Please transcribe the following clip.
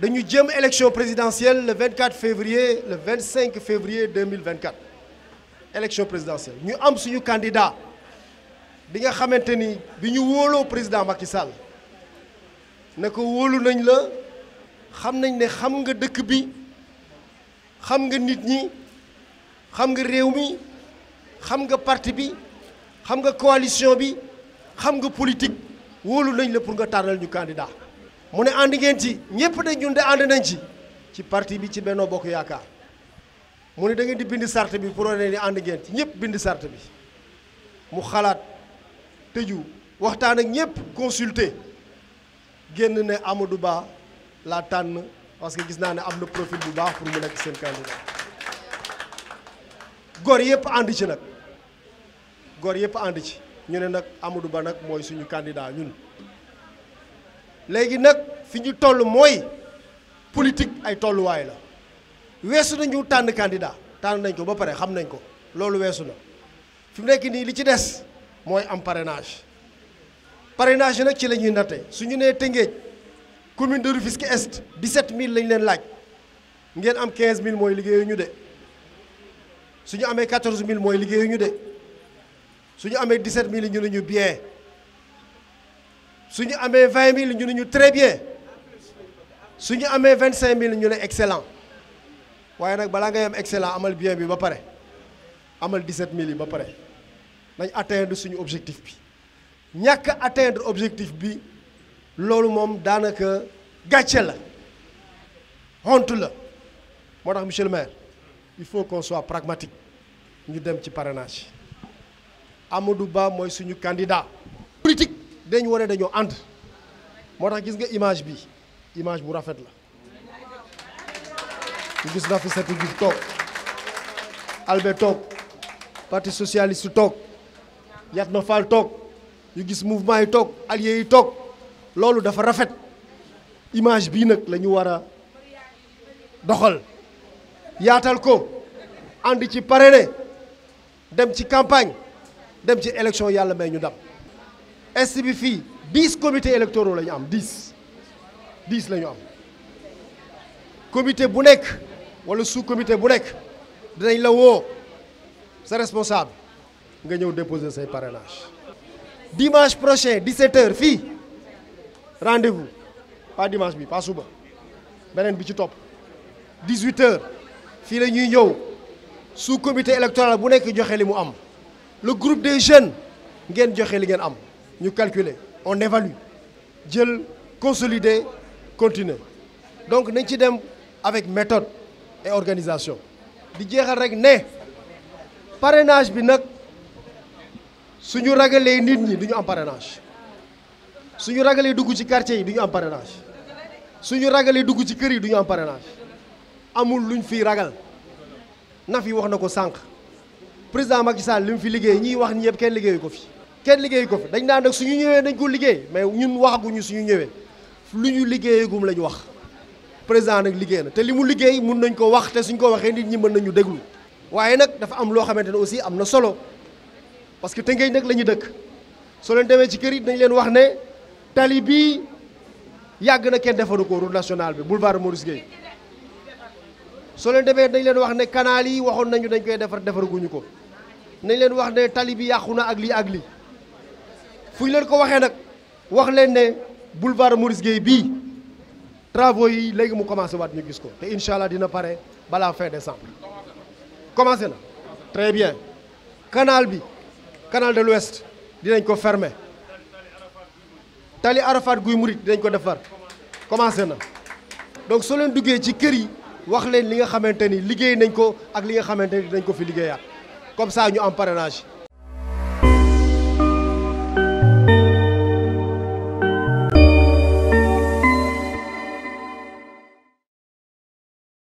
dañu jëm élection présidentielle le 24 février le 25 février 2024 élection présidentielle Nous avons suñu candidat bi nga xamanteni bi ñu président Macky Sall ne ko nañ la xam nañ ne xam nga dëkk bi xam nga nit ñi xam nga réew mi xam nga parti bi xam nga coalition bi xam nga politique nañ la pour nga candidat mu ne ànd ngeen ci ñëpp de ñun de ànd nañ ci ci parti bi ci Benno Bokk Yaakaar mu ne dangeen di bind sart bi pour ne ni ànd ngeen ci ñëpp bind sart bi mu xalaat tëju waxtaan ak ñëpp consulter génn ne Amadou Ba la tànn parce que gis naa ne am na profil bu baax pour mu nekk seen candidat góor yëpp ànd ci nag góor yëpp ànd ci ñu ne nag Amadou Ba nag mooy suñu candidat ñun. léegi nag fi ñu toll mooy politique ay tolluwaay la weesu nañu tànn candidat tànn nañ ko ba pare xam nañ ko loolu weesu na fi mu nekk nii li ci des mooy am parrainage parrainage nag ci la ñuy natte su ñu nee Tëngéej commune de Rufisque Est mille lañ leen laaj ngeen am 15000 mooy liggéeyu ñu de su ñu amee mille mooy liggéeyu ñu de su ñu amee 17000 ñu ne ñu bien. Si nous avons 20 000, nous sommes très bien. Si nous avons 25 000, nous sommes excellents. Mais si vous avez excellent, vous avez bien. Vous avez 17 000. Vous avez atteint notre objectif. Nous avons atteint notre objectif. Nous avons gâché. Honte. Monsieur le maire, il faut qu'on soit pragmatique. Nous sommes dans le parrainage. Amadouba, moi, je suis candidat politique. dañu wane dañoo ànd moo tax gis nga image bi image bu rafet la ñu gis Nafissatou Diouf toog Albert toog parti socialiste toog Yatma Fall toog ñu gis mouvement yi toog alliés yi toog loolu dafa rafet image bii nag la ñu war a doxal yaatal ko ànd ci parrainé dem ci campagne dem ci élection yàlla may ñu dam SCBFI, 10 comités électoraux 10... 10... am comité bounek, ou le sous comité bounek, c'est responsable Nous ñëw déposer ces parrainages... dimanche prochain 17h fille, rendez-vous pas dimanche pas suba 18h nous la ñuy sous comité électoral bu le groupe des jeunes ngeen joxe nous calculer on évalue consolide, consolider continuer donc nous sommes avec méthode et organisation di jeexal rek parrainage bi nak suñu ragalé parrainage quartier duñu parrainage suñu ci kër yi parrainage amul luñ na fi président Macky Sall fi liggéey kenn liggéey ko fi dañ daan nag suñu ñëwee dañ ko liggéey mais ñun waxaguñu suñu ñëwee lu ñu liggéeyagum la ñu wax président nag liggéey na te li mu liggéey mun nañ koo wax te suñ ko waxee nit ñi mën nañu déglu waaye nag dafa am loo xamante ne aussi am na solo parce que Tëngéej nag la ñu dëkk soo leen demee ci kër yi dañ leen wax ne tali bii yàgg na kenn defaru ko route nationale bi boulevard Maurice Guèye soo leen demee dañ leen wax ne kanaal yi waxoon nañu dañ koy defar defaruguñu ko nañ leen wax ne tali bi yàqu na ak lii ak lii fu ñu leen ko waxee nag wax leen ne boulevard Maurice Guèye bii travaux yi léegi mu commencé waat ñu gis ko te incha allah dina pare balaa fin décembre commencé na très bien canal bi canal de l'ouest dinañ ko fermer tali Arafat guy Mouride dinañ ko defar commencé na donc soo leen duggee ci kër yi wax leen li nga xamante ni liggéey nañ ko ak li nga xamante ni dinañ ko fi liggéeyaat comme ça ñu am parrainage